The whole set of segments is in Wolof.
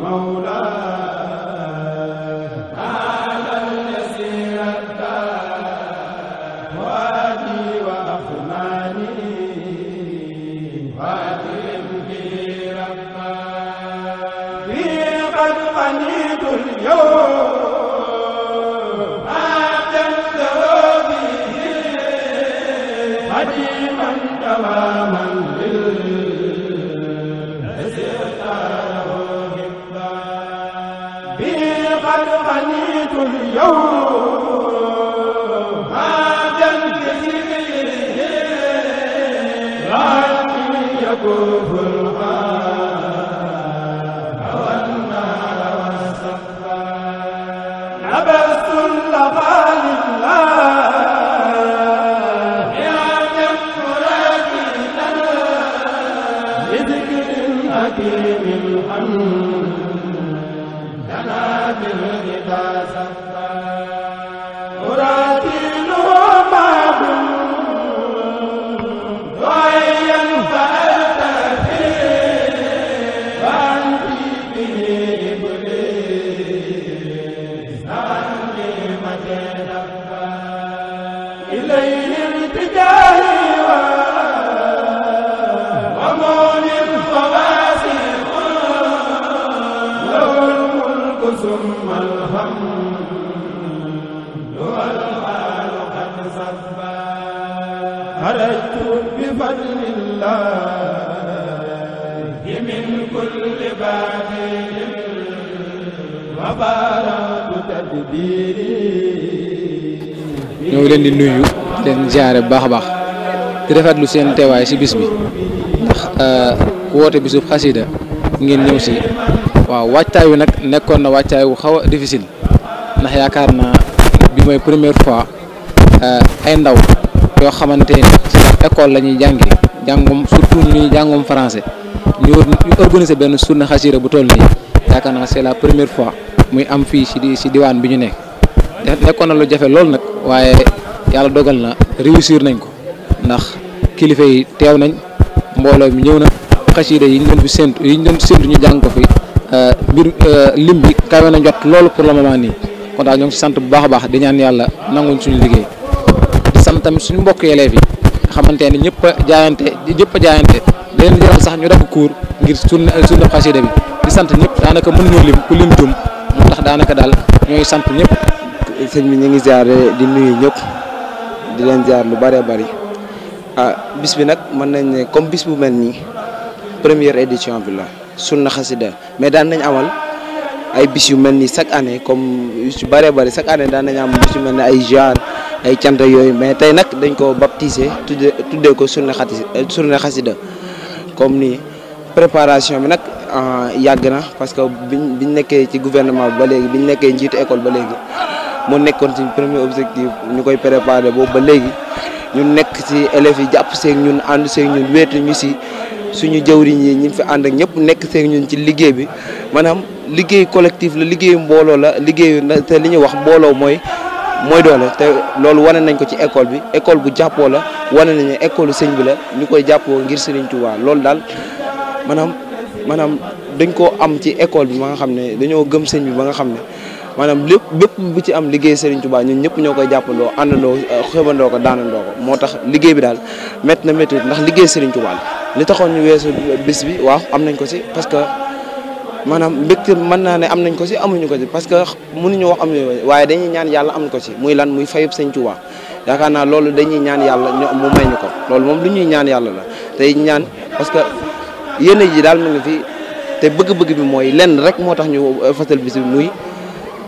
Mawla الحميد اليوم هذا الكثير غادي يطوف الغار والنار والسقا نبس لقال الله يا جبرات الله بذكر الحكيم الحمد ñoo ngi leen di nuyu leen jaare bu baax a baax di lu seen teewaay ci bis bi ndax euh, woote bisu xasida ngeen ñëw si waaw waajtaay wi nag nekkoon na waajtaay wu xaw a difficile ndax yaakaar naa bi mooy première fois euh, ay ndaw yoo xamante ni école la ñuy jàngee jàngum surtout ñuy jàngum français ñu organiser benn journée xasida bu toll nii yaakaar naa c'est la première fois muy am fii ci ci diwaan bi ñu nekk nekkoon na lu jafe lool nag waaye yàlla dogal na réussir nañ ko ndax kilifa yi teew nañ mbooloo bi ñëw na xasida yi ñu doon fi séntu yi ñu doon séntu ñu jàng ko fi euh, mbir euh, lim bi kawe na njot loolu pour le moment nii kon daal ñoo ci sant bu baax a baax di ñaan yàlla nanguñ suñu liggéey di tamit suñu mbokk élèves yi xamanteni ñepp jaayante ñëpp a jaayante dañ leen jaral sax ñu def cour ngir sunna sunna xasida bi di sante ñepp danaka daanaka ñu lim ku lim jum motax danaka dal ñoy sante ñepp señ bi ñi ngi ziare di nuyu ñepp di leen ziar lu bari bari ah bis bi nak mën nañ né comme bis bu mel nii première édition bi la sunna xasida mais daan nañ amal. ay bis yu mel ni chaque année comme yu bari bari chaque année daan nañ am bis yu mel ni ay genre ay cant yooyu mais tey nag dañ koo baptisé tuddee tuddee ko journée xasida journée xasida comme nii préparation bi nag ah, yàgg na parce que biñ biñ nekkee ci gouvernement bi ba léegi biñ nekkee njiitu école ba léegi moo nekkoon suñ premier objectif ñu koy préparé boobu ba léegi ñu nekk ci élèves yi jàpp seeg ñun ànd seeg ñun wéetu ñu si suñu jawriñ yi ñu fi ànd ak ñëpp nekk seek ñun ci liggéey bi maanaam liggéey collectif la liggéeyu mbooloo la liggéeyu te li ñu wax mbooloo mooy mooy doole te loolu wane nañ ko ci école bi école bu jàppoo la wane nañ ne école sëñ bi la ñu koy jàppoo ngir Serigne Touba loolu daal maanaam maanaam dañ koo am ci école bi ba nga xam ne dañoo gëm sëñ bi ba nga xam ne maanaam lépp bépp bu ci am liggéey Serigne Touba ñun ñëpp ñoo koy jàppandoo àndandoo xëbandoo ko daanandoo ko moo tax liggéey bi daal métti na métti ndax liggéey Serigne Touba li taxoon ñu weesu bés bi waaw am nañ ko si manam mbégte man na né am nañ ko si amuñu ko ci parce que mënuñu wax am waye dañuy ñaan yalla am ko si muy lan muy fayub señ touba yaakaar na loolu dañuy ñaan yalla ñu mu mayñu ko loolu mom luñuy ñaan yalla la tay ñaan parce que yene ji dal mu ngi fi tay bëgg-bëgg bi moy lenn rek motax ñu euh, fatal bi muy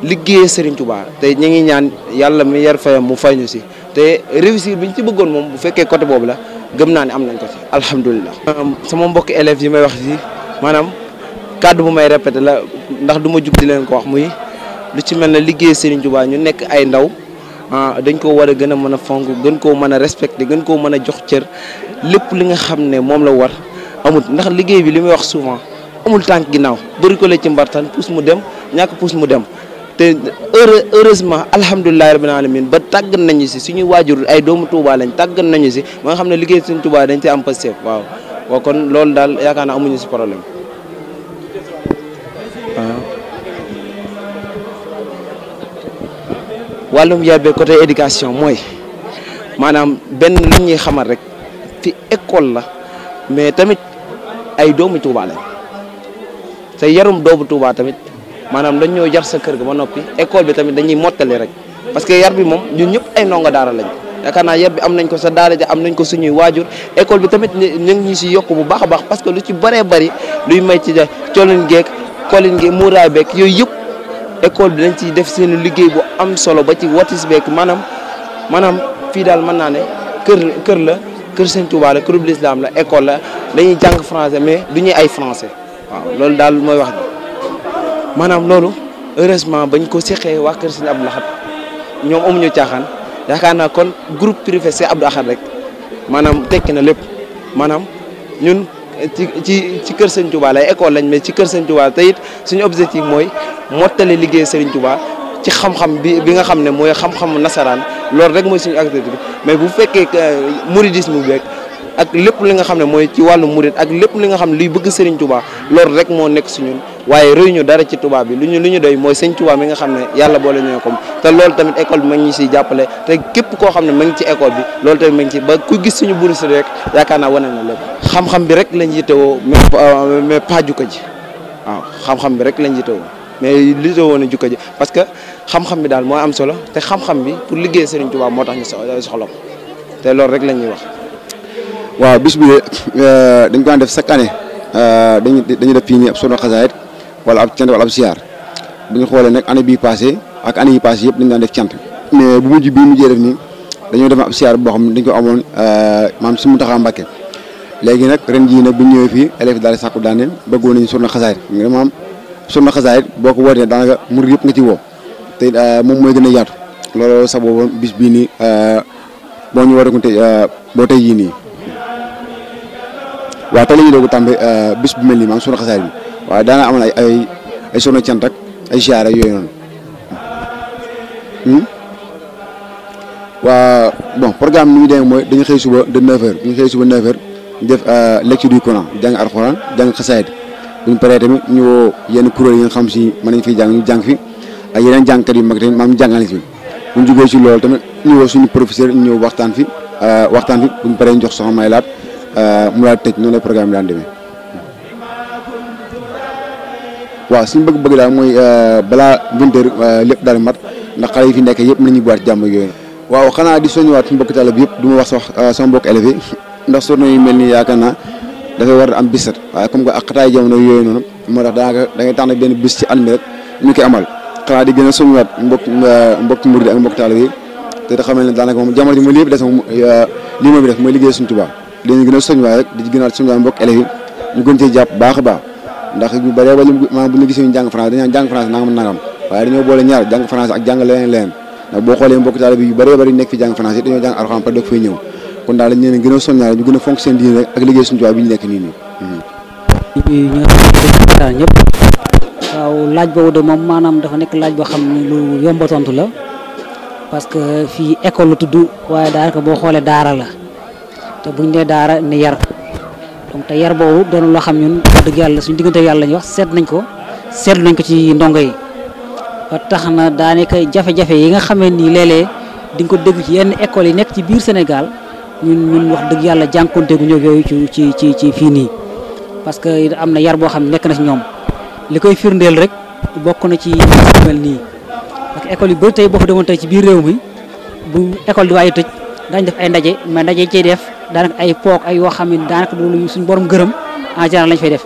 liggéey señ Touba tay ñi ngi ñaan yalla mi yar fayam mu fay ci si réussir biñ ci bëggoon mom bu fekkee côté bobu la gëm na ne am nañ ko si alhamdullilah sama mbokk élève yi may wax ci manam kàddu bu may répété la ndax du ma jug di leen ko wax muy lu ci mel ne liggéey Serigne Touba ñu nekk ay ndaw ah, dañ koo war a gën a mën a fonk gën koo mën a respecté gën koo mën a jox cër lépp li nga xam ne moom la war amut ndax liggéey bi li muy wax souvent amul tànk ginnaaw bëri ko la ci mbartan pousse mu dem ñàkk pousse mu dem te heure heureusement alhamdulilahi rabbil alamin ba tàggat nañu si suñuy waajur ay doomu tuubaa lañ tàggat nañu si ba nga xam ne liggéey Serigne Touba dañ ci am passé waaw waaw kon loolu daal yaakaar naa amuñu si problème wàllum yàbbee côté éducation mooy maanaam benn lu ñuy xamal rek fi école la mais tamit ay doomu Touba lañ te yarum doomu Touba tamit maanaam dañ ñoo jar sa kër gi ba noppi école bi tamit dañuy mottali rek parce que yar bi moom ñun ñëpp ay ndongo daara lañ yaakaar naa yar bi am nañ ko sa daara ja am nañ ko suñuy waajur école bi tamit ñu ñu si yokk bu baax a baax parce que lu ci bëree bëri luy may ci colin geek colin geek muuraay beek yooyu yëpp. école bi dañ ciy def seen liggéey bu am solo ba ci watis beek maanaam maanaam fii daal man naa ne kër kër la kër Sëñ Tuubaa la kërub la école la dañuy jàng français mais du ñuy ay français waaw loolu daal mooy wax bi maanaam loolu heureusement bañ ko seqee wax kër Sëñ Abdou Lahad ñoom amuñu caaxaan yaakaar naa kon groupe privé Sëñ Abdou Lahad rek maanaam tekki na lépp maanaam ñun ci ci ci kër Serigne Touba école lañ mais ci kër Serigne Touba te it suñu objectif mooy mottali liggéey Serigne Touba ci xam-xam bi bi nga xam ne mooy xam-xamu nasaraan loolu rek mooy suñu activité bi mais bu fekkee euh, mouridisme mu rek ak lépp li nga xam ne mooy ci wàllu murid ak lépp li nga xam ne luy bëgg Serigne Touba loolu rek moo nekk si ñun waaye ñu dara ci tubaab bi lu ñu lu ñu doy mooy sëñ tubaab mi nga xam ne yàlla boole ñoo ko te loolu tamit école bi ma ngi siy jàppale te képp koo xam ne ma ngi ci école bi loolu tamit ma ngi ci ba ku gis suñu bourse rek yaakaar naa wane na lépp bi rek lañ yitewoo mais euh, mais pas jukka ji waaw xam bi rek lañ yitewoo mais li woon a jukka ji parce que xam bi daal mooy am solo te xam bi pour liggéey Serigne Touba moo tax ñu soxla te loolu rek la ñuy wax. waaw bis bi euh, dañ ko daan def chaque année euh, dañuy dañuy def fii nii ab xasaayit wala ab cant wala ab siyaar bu ñu xoolee nag année bii passé ak année yi passé yëpp dañu daan def cant mais bu mujj bii mujjee def nii dañoo def ab siyaar boo xam ne dañu ko amoon euh, maam si Mountakha Mbacké léegi nag ren jii nag bu ñëwee fii élèves daal di sàkku daane bëggoon nañu surna xasaayit nga maam surna xasaayit boo ko wootee daanaka mur yëpp nga ci woo te euh, moom mooy gën a yaatu loolu saboobu bis bii nii euh, boo ñu waree ko tey boo yii nii waaw tey la ñuy doog a tàmbali bis bu mel nii maam surna xasaayit bi waaye daana amoon ay ay ay sono cant ak ay siyaare yooyu noonu hmm? waa bon programme ni ñu demee mooy dañu xëy suba de 9h dañu xëy suba 9h ñu def euh, lecture du Coran jàng alxuraan jàng xasaayid bu ñu paree tamit ñu woo yenn kuréel yi nga xam si mën nañ fiy jàng ñu jàng fi ak yeneen jàngkat yu mag tamit maam ñu jàngale fi bu ñu si loolu tamit ñu woo suñu professeur ñu ñëw waxtaan fi euh, waxtaan fi bu ñu paree ñu jox soxna may laat euh, mu laa tëj noonu lay programme bi daan demee. waaw suñ bëgg-bëgg daal mooy euh, balaa vingt heures lépp daal mat ndax xale yi fi nekk yëpp nañu buwaat jàmm yooyu waaw xanaa di soññiwaat suñu mbokk taalibe bi yëpp du ma wax sax euh, sama mbokk élèves yi ndax journée yu mel nii yaakaar naa dafay war a am bis waaye comme que ak xataay jamono yooyu noonu moo tax daanaka da ngay tànn benn bis ci at mi rek ñu koy amal xanaa di gën a soññiwaat mbokk euh, mbokk murid ak mbokk taalibe yi te da xamal ne daanaka moom jamono ji mooy des moom lii moom def mooy liggéey suñu Tuubaa dañu gën a soññiwaat rek di gën a soññiwaat mbokk élèves yi ñu gën cee jàpp baax a baax ndax ñu bari walim ma bu ñu gisee ñu jàng France dañu jang France nangam nangam waye dañu boole ñaar jang France ak jang leen leen ndax bo xoolee mbokk talib yu bari bari nek fi jang France dañu jang alcorane pa dog fay ñew kon daal dañ gëna gën a ñu gëna fonction di rek ak liggéey suñu tubaab bi ñu nek ni ni ñi nga waaw laaj boobu de donc te yar bobu doon lo xam ñun deug yalla suñu digënté yalla lañ wax sét nañ ko sét nañ ko ci ndongay ba taxna daani kay jafé jafé yi nga xamé ni lélé di nga ko dégg ci yenn école yi nekk ci biir Sénégal ñun ñun wax deug yalla jankonté gu ñëw yooyu ci ci ci fi ni parce que amna yar bo xam nekk na ci ñom likoy firndel rek bokku na ci mel ni ak école yu bëri tay boo fa demoon tey ci biir réew mi bu école di waaye tej dañ def ay ndaje ma ndaje ci def daanaka ay pok ay yo xamni ne daanaka loolu suñ borom gërëm en général lañ fay def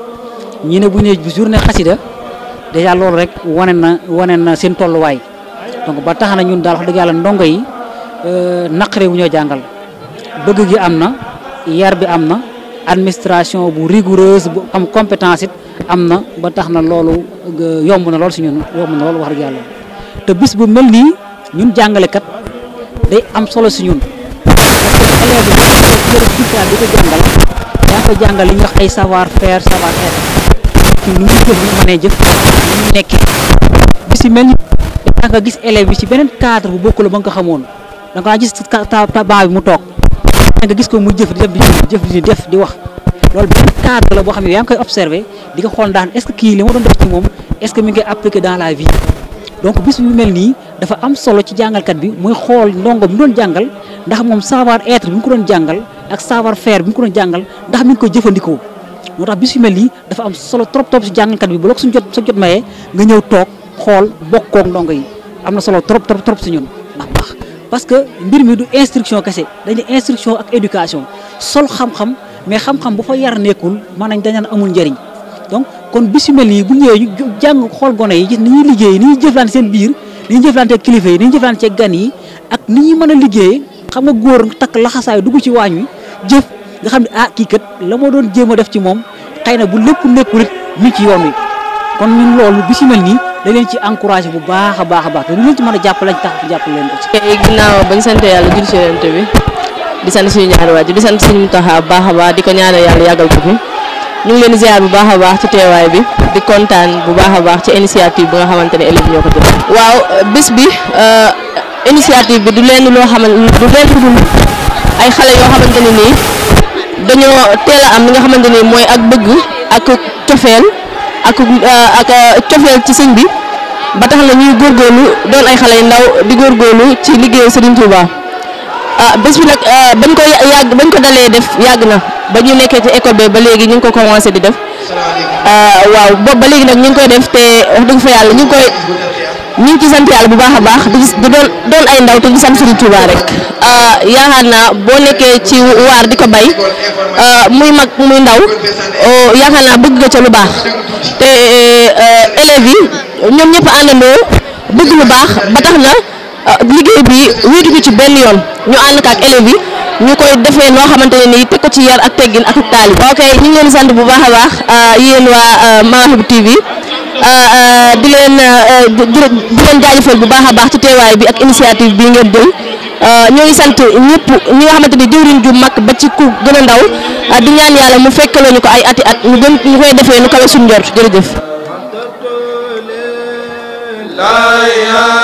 ñi ne bu ñu bu journée khassida déjà loolu rek wane na wane na seen way donc ba taxana ñun dal wax dëgg yàlla ndongo yi euh, nakré wu ñoo jangal bëgg gi amna yar bi amna administration bu rigoureuse bu am compétence amna ba taxna loolu euh, yomb na lool yomb na lool wax te bis bu melni ñun janggal kat day am solo élève bi jël diplôme bi ko jàngal yaa ko jàngal li ñu wax savoir faire savoir être ci lu ñu jëf ñu mënee jëf ñu nekkee bi si mel ni nga gis élève bi ci beneen cadre bu bokkul ba nga ko da nga gis tabaa bi mu toog nga gis ko mu jëf di di jëf di def di wax loolu benn cadre la boo xam ne yaa koy observé di ko xool daan est ce que li ma doon def ci moom est ce mi ngi appliqué dans la vie donc bis bu mel dafa am solo ci kat bi muy xol ndongo bi doon jangal ndax mom savoir être bi ko doon jangal ak savoir faire bi ko doon jangal ndax mi ngi koy jëfandikoo tax bisu meli, dafa am solo trop trop ci kat bi bu lok suñu jot sa jot maye nga ñew tok xol bokko ndongo yi am solo trop trop trop ci ñun ndax bax parce que mbir mi du instruction kasse dañ instruction ak éducation sol xam-xam mais xam-xam bu fa yar nekul, maanaam dañ naan amul njëriñ donc kon bis yu mel nii bu ñëwee jàng xool gone yi gis ni ñuy liggéey ni ñuy jëflante seen biir ni ñuy jëflante kilifa yi ni ñuy jëflante gan yi ak ni ñuy mën a liggéey xam nga góor takk laxasaay dugg ci waañ wi jëf nga xam ne ah kii kat la moo doon jéem a def ci moom xëy na bu lépp nekkul it ñu ci yoon wi kon ñun loolu bis yu mel nii da leen ci encourage bu baax a baax a baax te lu leen ci mën a jàpp lañ tax jàppale leen ko ci. tey ginnaaw bañ sant yàlla jull si di sant suñu ñaari waajur di sant suñu Muntaxa bu baax a baax di ko ñaanal yàlla yàggal ko fi ñu ngi leen ziar bu baax a baax ci teewaay bi di kontaan bu baax a baax ci initiative bi nga xamante ne élèves ñoo ko jël. waaw bis bi euh, initiative bi du leen loo xamante du leen dul ay xale yoo dañoo teel am li nga xamante ni mooy ak bëgg ak cofeel ak euh, ak euh, cofeel ci sëñ bi ba tax na ñuy góorgóorlu doon ay xale yu ndaw di góor góorgóorlu ci liggéeyu Serigne Touba ah bés bi nag bañ ko yàgg bañ ko dalee def yàgg na ba ñu nekkee ci école bi ba léegi ñu ngi ko commencé di def euh, waaw boobu ba léegi nag ñu ngi koy def te wax dëgg fa yàlla ñu ngi koy ñu ngi ci sant yàlla bu baax a baax di doon doon ay ndaw te di sant Serigne Touba rek. Euh, yaakaar naa boo nekkee ci waar di ko bay euh, muy mag muy ndaw oh, yaakaar naa bëgg nga ca lu baax te élèves yi ñoom ñëpp àndandoo bëgg lu baax ba tax na liggéey bi wéetu ko ci benn yoon ñu ànd ak élèves yi. ñu koy defee noo xamante ne nii teg ko ci yar ak teggin ak taalib. ok ñu ngi leen sant bu baax a baax euh, yéen waa euh, Mawahibou TV euh, di leen di leen jaajëfal bu baax a baax ci teewaay bi ak initiative bi ngeen jël ñoo ngi sant ñëpp ñi nga xamante ni jëwriñ ju mag ba ci ku gën a ndaw di ñaan yàlla mu fekkaloo ñu ko ay ati at ñu gën ñu koy defee nu kawe suñu njort jërëjëf. لا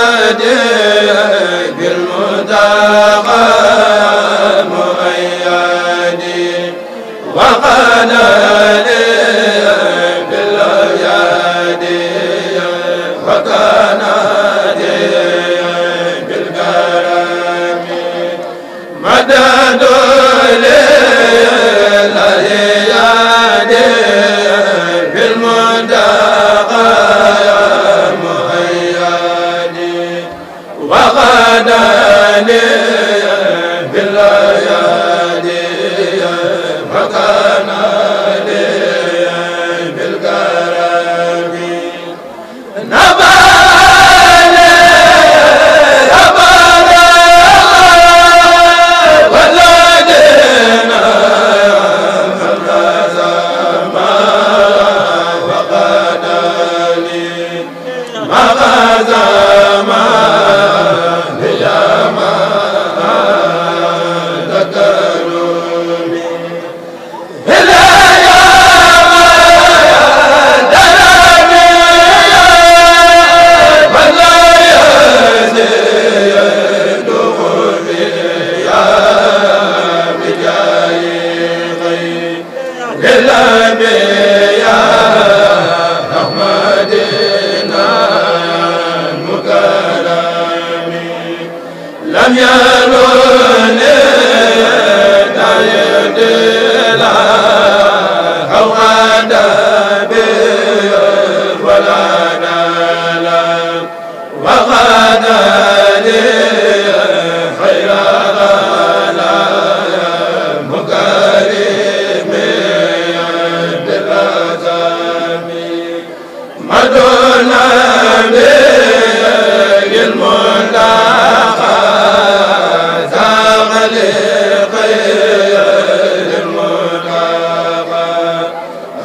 lam ya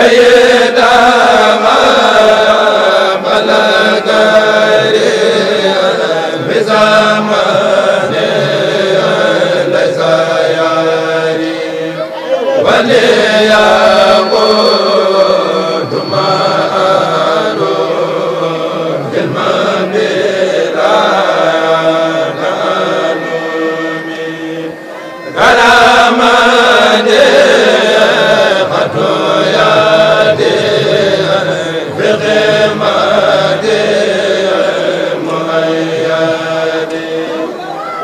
Vayeta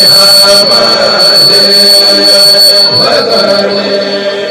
Yeah, yeah, yeah,